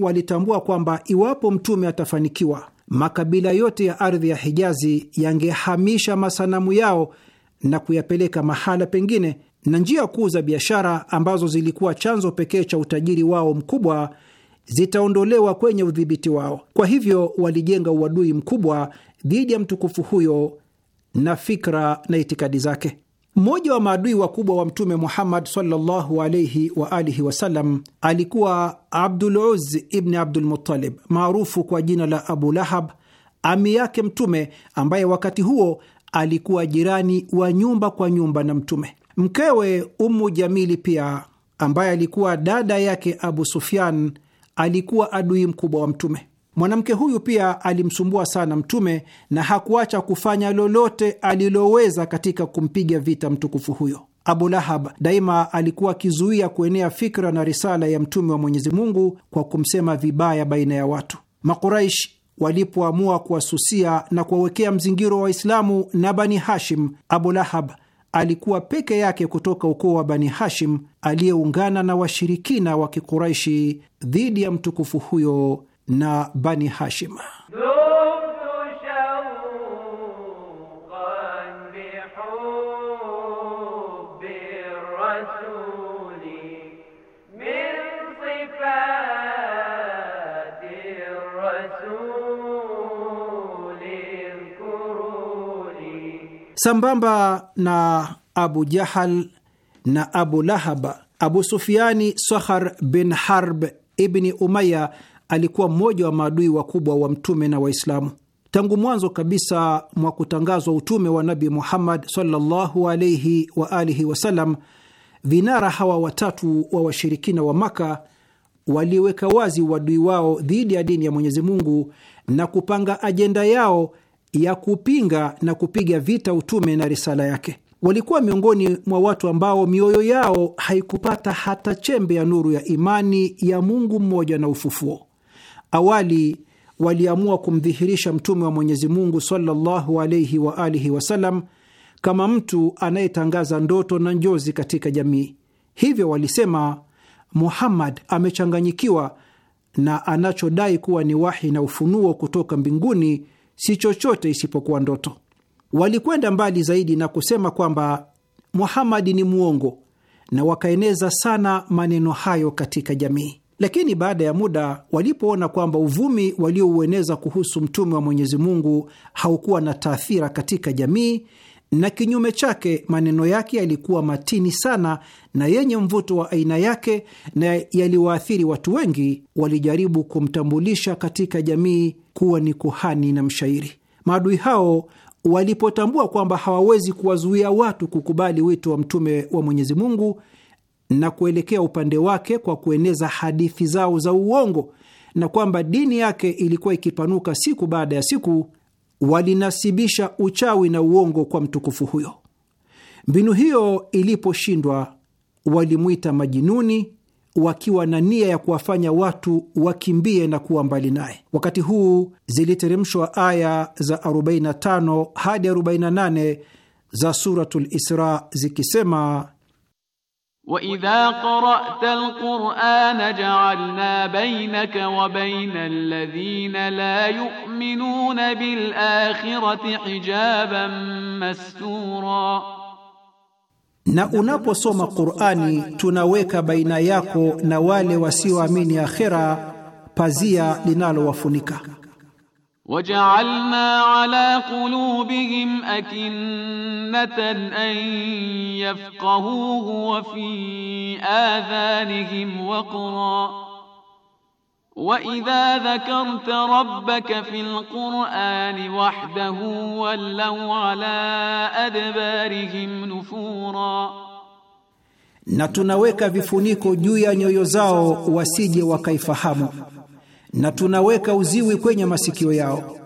walitambua kwamba iwapo Mtume atafanikiwa, makabila yote ya ardhi ya Hijazi yangehamisha masanamu yao na kuyapeleka mahala pengine, na njia kuu za biashara ambazo zilikuwa chanzo pekee cha utajiri wao mkubwa zitaondolewa kwenye udhibiti wao. Kwa hivyo walijenga uadui mkubwa dhidi ya mtukufu huyo na fikra na itikadi zake. Mmoja wa maadui wakubwa wa Mtume Muhammad sallallahu wa alihi wasallam alikuwa Abdul uz ibni Abdul Muttalib maarufu kwa jina la Abu Lahab, ami yake Mtume, ambaye wakati huo alikuwa jirani wa nyumba kwa nyumba na Mtume. Mkewe Ummu Jamili pia ambaye alikuwa dada yake Abu Sufyan alikuwa adui mkubwa wa Mtume. Mwanamke huyu pia alimsumbua sana Mtume na hakuacha kufanya lolote aliloweza katika kumpiga vita mtukufu huyo. Abu Lahab daima alikuwa akizuia kuenea fikra na risala ya Mtume wa Mwenyezi Mungu kwa kumsema vibaya baina ya watu. Makuraish walipoamua kuwasusia na kuwawekea mzingiro wa Waislamu na Bani Hashim, Abu Lahab alikuwa peke yake kutoka ukoo wa Bani Hashim aliyeungana na washirikina wa Kikuraishi dhidi ya mtukufu huyo na Bani Hashim. Sambamba na Abu Jahal na Abu Lahab, Abu Sufiani Sohar bin Harb ibni Umaya alikuwa mmoja wa maadui wakubwa wa mtume na Waislamu. Tangu mwanzo kabisa mwa kutangazwa utume wa Nabi Muhammad sallallahu alaihi wa alihi wasallam, vinara hawa watatu wa washirikina wa Maka waliweka wazi uadui wao dhidi ya dini ya Mwenyezi Mungu na kupanga ajenda yao ya kupinga na kupiga vita utume na risala yake. Walikuwa miongoni mwa watu ambao mioyo yao haikupata hata chembe ya nuru ya imani ya Mungu mmoja na ufufuo. Awali waliamua kumdhihirisha Mtume wa Mwenyezi Mungu sallallahu alaihi wa alihi wasallam kama mtu anayetangaza ndoto na njozi katika jamii. Hivyo walisema Muhammad amechanganyikiwa na anachodai kuwa ni wahi na ufunuo kutoka mbinguni si chochote isipokuwa ndoto. Walikwenda mbali zaidi na kusema kwamba Muhammad ni mwongo na wakaeneza sana maneno hayo katika jamii. Lakini baada ya muda walipoona kwamba uvumi walioueneza kuhusu mtume wa Mwenyezi Mungu haukuwa na taathira katika jamii, na kinyume chake maneno yake yalikuwa matini sana na yenye mvuto wa aina yake na yaliwaathiri watu wengi, walijaribu kumtambulisha katika jamii kuwa ni kuhani na mshairi. Maadui hao walipotambua kwamba hawawezi kuwazuia watu kukubali wito wa mtume wa Mwenyezi Mungu na kuelekea upande wake kwa kueneza hadithi zao za uongo, na kwamba dini yake ilikuwa ikipanuka siku baada ya siku, walinasibisha uchawi na uongo kwa mtukufu huyo. Mbinu hiyo iliposhindwa, walimwita majinuni wakiwa na nia ya kuwafanya watu wakimbie na kuwa mbali naye. Wakati huu ziliteremshwa aya za 45 hadi 48 za Suratul Isra zikisema وإذا قرأت القرآن جعلنا بينك وبين الذين لا يؤمنون بالآخرة حجابا مستورا na unaposoma Qur'ani tunaweka baina yako na wale wasioamini akhera pazia linalowafunika وجعلنا على قلوبهم أكنة أن يفقهوه وفي آذانهم وقرا وإذا ذكرت ربك في القرآن وحده ولوا على أدبارهم نفورا na tunaweka vifuniko juu ya nyoyo zao wasije wakaifahamu na tunaweka uziwi kwenye masikio yao.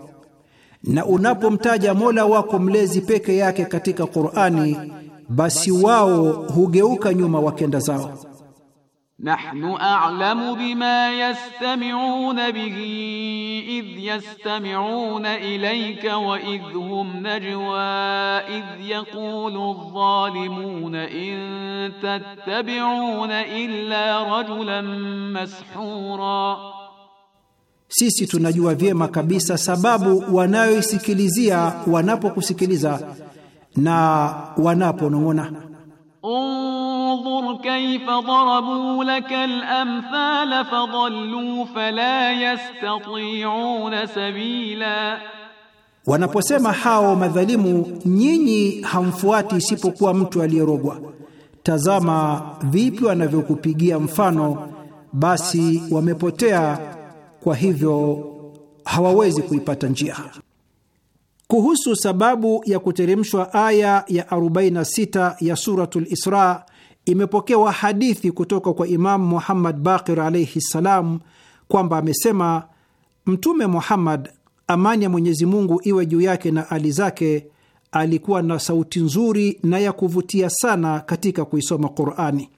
Na unapomtaja Mola wako mlezi peke yake katika Qur'ani, basi wao hugeuka nyuma wakenda zao. Nahnu a'lamu bima yastami'una bihi idh yastami'una ilayka wa idh hum najwa idh yaqulu adh-dhalimuna in tattabi'una illa rajulan mashhura. Sisi tunajua vyema kabisa sababu wanayoisikilizia wanapokusikiliza na wanaponong'ona. Undhur kaifa darabu laka al-amthala fadhallu fala yastati'una sabila, wanaposema hao madhalimu, nyinyi hamfuati isipokuwa mtu aliyerogwa. Tazama vipi wanavyokupigia mfano, basi wamepotea kwa hivyo hawawezi kuipata njia. Kuhusu sababu ya kuteremshwa aya ya 46 ya Suratul Isra, imepokewa hadithi kutoka kwa Imamu Muhammad Baqir alaihi ssalam kwamba amesema Mtume Muhammad, amani ya Mwenyezi Mungu iwe juu yake na ali zake, alikuwa na sauti nzuri na ya kuvutia sana katika kuisoma Qurani.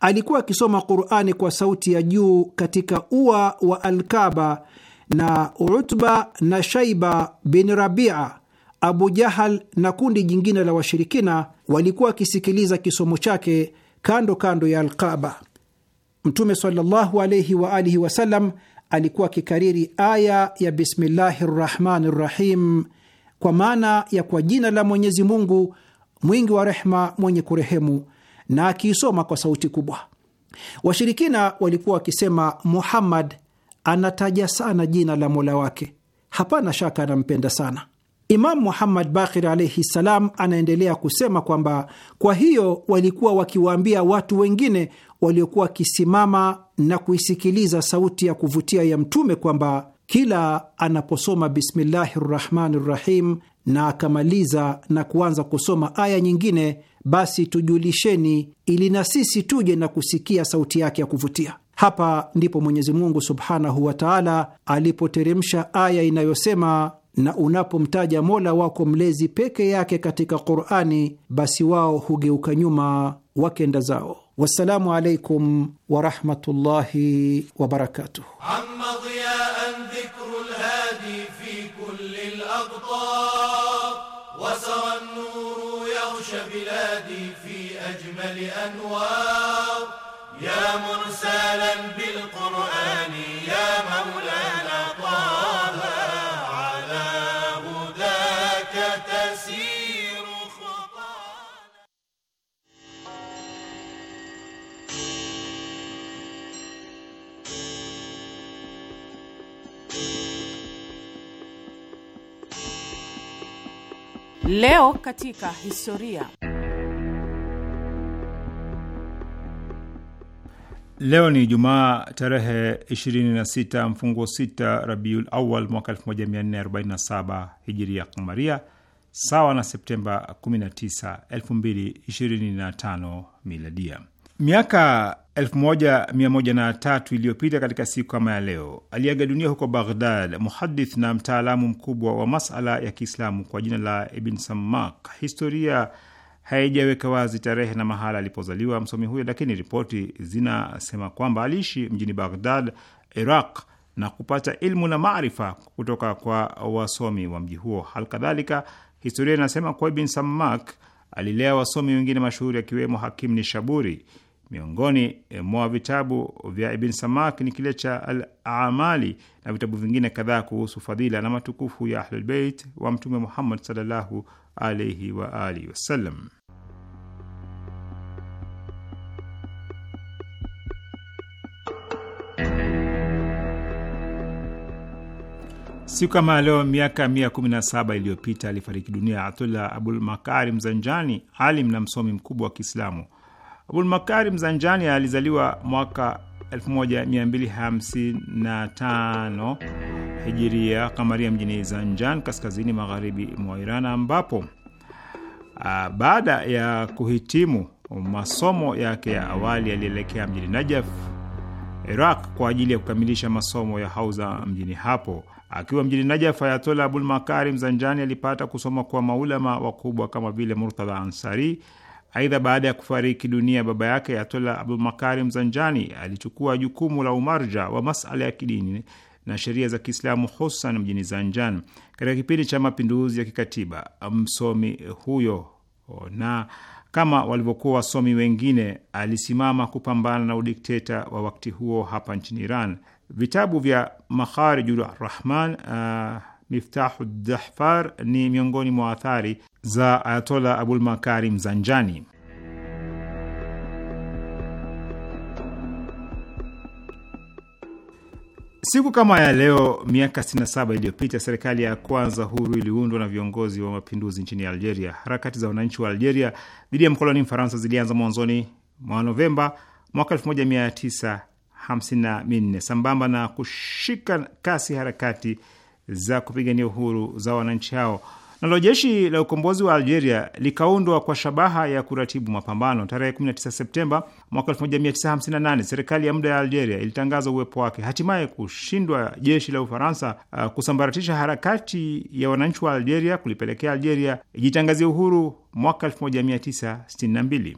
Alikuwa akisoma Qurani kwa sauti ya juu katika ua wa Alkaba, na Utba na Shaiba bin Rabia, Abu Jahal na kundi jingine la washirikina walikuwa wakisikiliza kisomo chake kando kando ya Alkaba. Mtume sallallahu alayhi wa alihi wasallam alikuwa akikariri aya ya bismillahi rrahmani rrahim, kwa maana ya kwa jina la Mwenyezi Mungu mwingi wa rehma mwenye kurehemu na akiisoma kwa sauti kubwa. Washirikina walikuwa wakisema, Muhammad anataja sana jina la mola wake, hapana shaka anampenda sana. Imamu Muhammad Bakir alaihi ssalam anaendelea kusema kwamba kwa hiyo walikuwa wakiwaambia watu wengine waliokuwa wakisimama na kuisikiliza sauti ya kuvutia ya Mtume kwamba kila anaposoma bismillahi rrahmani rrahim na akamaliza na kuanza kusoma aya nyingine basi tujulisheni, ili na sisi tuje na kusikia sauti yake ya kuvutia. Hapa ndipo Mwenyezi Mungu subhanahu wa taala alipoteremsha aya inayosema na unapomtaja Mola wako mlezi peke yake katika Qur'ani, basi wao hugeuka nyuma wakenda zao. Wassalamu alaikum warahmatullahi wabarakatuh. Leo katika historia. Leo ni Jumaa tarehe 26 mfunguo 6 Rabiul Awal mwaka 1447 Hijiria Kumaria, sawa na Septemba 19, 2025 Miladia. Miaka 1103 iliyopita katika siku kama ya leo aliaga dunia huko Baghdad muhadith na mtaalamu mkubwa wa masala ya Kiislamu kwa jina la Ibn Sammak. Historia haijaweka wazi tarehe na mahala alipozaliwa msomi huyo, lakini ripoti zinasema kwamba aliishi mjini Baghdad, Iraq na kupata ilmu na maarifa kutoka kwa wasomi wa mji huo. kadhalika historia inasema kwa Ibn Sammak alilea wasomi wengine mashuhuri akiwemo Hakim Nishaburi. Miongoni eh, mwa vitabu vya Ibn Samak ni kile cha Al Amali na vitabu vingine kadhaa kuhusu fadhila na matukufu ya Ahlulbeit wa Mtume Muhammad sallallahu alaihi wa alihi wasallam. Siku kama leo miaka mia kumi na saba iliyopita alifariki dunia Atullah Abul Makarim Zanjani, alim na msomi mkubwa wa Kiislamu. Abulmakari Mzanjani alizaliwa mwaka 1255 hijiria kamaria mjini Zanjan, kaskazini magharibi mwa Iran, ambapo ah, baada ya kuhitimu masomo yake ya awali alielekea mjini Najaf, Iraq, kwa ajili ya kukamilisha masomo ya hauza mjini hapo. Akiwa mjini Najaf, Ayatola Makarim Mzanjani alipata kusoma kwa maulama wakubwa kama vile Murtadha Ansari Aidha, baada ya kufariki dunia baba yake Ayatollah Abdulmakarim Zanjani alichukua jukumu la umarja wa masala ya kidini na sheria za Kiislamu hususan mjini Zanjan katika kipindi cha mapinduzi ya kikatiba. Msomi huyo na kama walivyokuwa wasomi wengine alisimama kupambana na udikteta wa wakati huo hapa nchini Iran. Vitabu vya Makharijul Rahman, uh, ah, Miftahu dahfar ni miongoni mwa athari za Ayatola Abul Makarim Zanjani. Siku kama ya leo miaka 67 iliyopita serikali ya kwanza huru iliundwa na viongozi wa mapinduzi nchini Algeria. Harakati za wananchi wa Algeria dhidi ya mkoloni Mfaransa zilianza mwanzoni mwa Novemba mwaka 1954 sambamba na kushika kasi harakati za kupigania uhuru za wananchi hao. Nalo jeshi la ukombozi wa Algeria likaundwa kwa shabaha ya kuratibu mapambano. Tarehe 19 Septemba mwaka 1958 serikali ya muda ya Algeria ilitangaza uwepo wake. Hatimaye kushindwa jeshi la Ufaransa uh, kusambaratisha harakati ya wananchi wa Algeria kulipelekea Algeria ijitangazia uhuru mwaka 1962.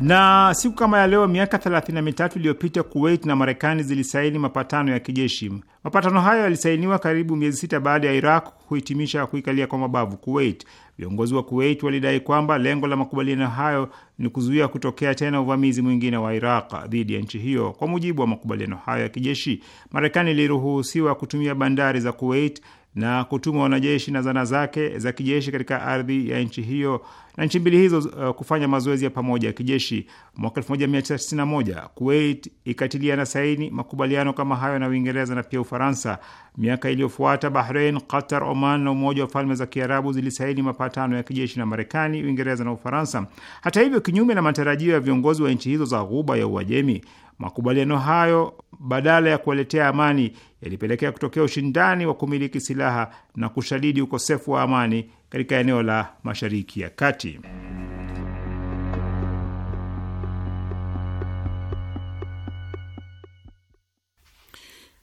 Na siku kama ya leo miaka 33 mitatu iliyopita Kuwait na Marekani zilisaini mapatano ya kijeshi. Mapatano hayo yalisainiwa karibu miezi sita baada ya Iraq kuhitimisha kuikalia kwa mabavu Kuwait. Viongozi wa Kuwait walidai kwamba lengo la makubaliano hayo ni kuzuia kutokea tena uvamizi mwingine wa Iraq dhidi ya nchi hiyo. Kwa mujibu wa makubaliano hayo ya kijeshi, Marekani iliruhusiwa kutumia bandari za Kuwait na kutuma wanajeshi na zana zake za kijeshi katika ardhi ya nchi hiyo na nchi mbili hizo uh, kufanya mazoezi ya pamoja ya kijeshi mwaka 1991. Kuwait ikatilia na saini makubaliano kama hayo na Uingereza na pia Ufaransa. Miaka iliyofuata, Bahrain, Qatar, Oman na Umoja wa Falme za Kiarabu zilisaini mapatano ya kijeshi na Marekani, Uingereza na Ufaransa. Hata hivyo, kinyume na matarajio ya viongozi wa nchi hizo za Ghuba ya Uajemi, makubaliano hayo badala ya kuwaletea amani yalipelekea kutokea ushindani wa kumiliki silaha na kushadidi ukosefu wa amani katika eneo la Mashariki ya Kati.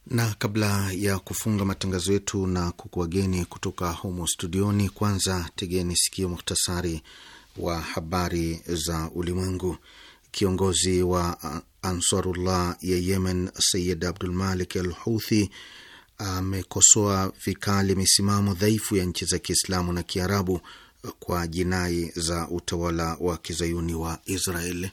na kabla ya kufunga matangazo yetu na kukuwageni kutoka humo studioni, kwanza tegeni sikio muhtasari wa habari za ulimwengu. Kiongozi wa Ansarullah ya Yemen Sayid Abdul Malik al Houthi amekosoa vikali misimamo dhaifu ya nchi za Kiislamu na Kiarabu kwa jinai za utawala wa kizayuni wa Israeli.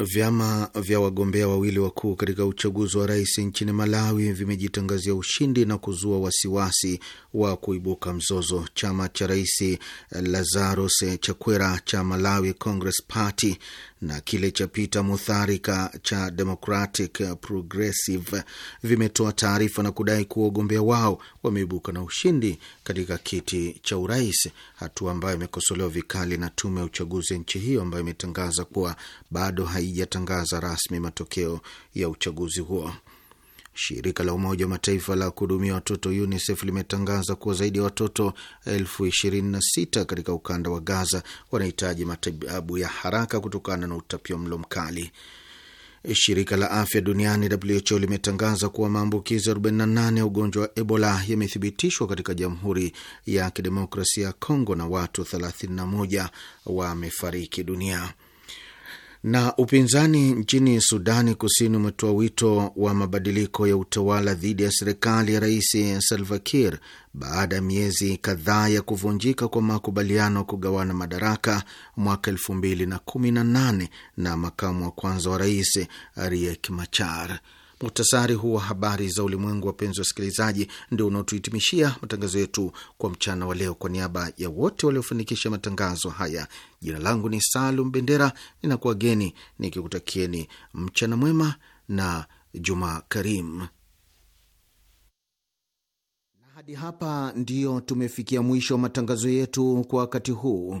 Vyama vya wagombea wawili wakuu katika uchaguzi wa rais nchini Malawi vimejitangazia ushindi na kuzua wasiwasi wa kuibuka mzozo. Chama cha rais Lazarus Chakwera cha Malawi Congress Party na kile cha Peter Mutharika cha Democratic Progressive vimetoa taarifa na kudai kuwa wagombea wao wameibuka na ushindi katika kiti cha urais, hatua ambayo imekosolewa vikali na tume ya uchaguzi ya nchi hiyo ambayo imetangaza kuwa bado haijatangaza rasmi matokeo ya uchaguzi huo. Shirika la Umoja wa Mataifa la kuhudumia watoto UNICEF limetangaza kuwa zaidi ya watoto elfu ishirini na sita katika ukanda wa Gaza wanahitaji matibabu ya haraka kutokana na utapio mlo mkali. Shirika la afya duniani WHO limetangaza kuwa maambukizi 48 ya ugonjwa wa Ebola yamethibitishwa katika Jamhuri ya Kidemokrasia ya Kongo na watu 31 wamefariki dunia. Na upinzani nchini Sudani Kusini umetoa wito wa mabadiliko ya utawala dhidi ya serikali ya Rais Salva Kiir baada ya miezi kadhaa ya kuvunjika kwa makubaliano ya kugawana madaraka mwaka elfu mbili na kumi na nane na makamu wa kwanza wa rais Riek Machar. Muhtasari huu wa habari za ulimwengu, wapenzi wasikilizaji, ndio unaotuhitimishia matangazo yetu kwa mchana wa leo. Kwa niaba ya wote waliofanikisha matangazo haya, jina langu ni Salum Bendera, ninakuwageni nikikutakieni mchana mwema na Juma Karim. Na hadi hapa ndiyo tumefikia mwisho wa matangazo yetu kwa wakati huu.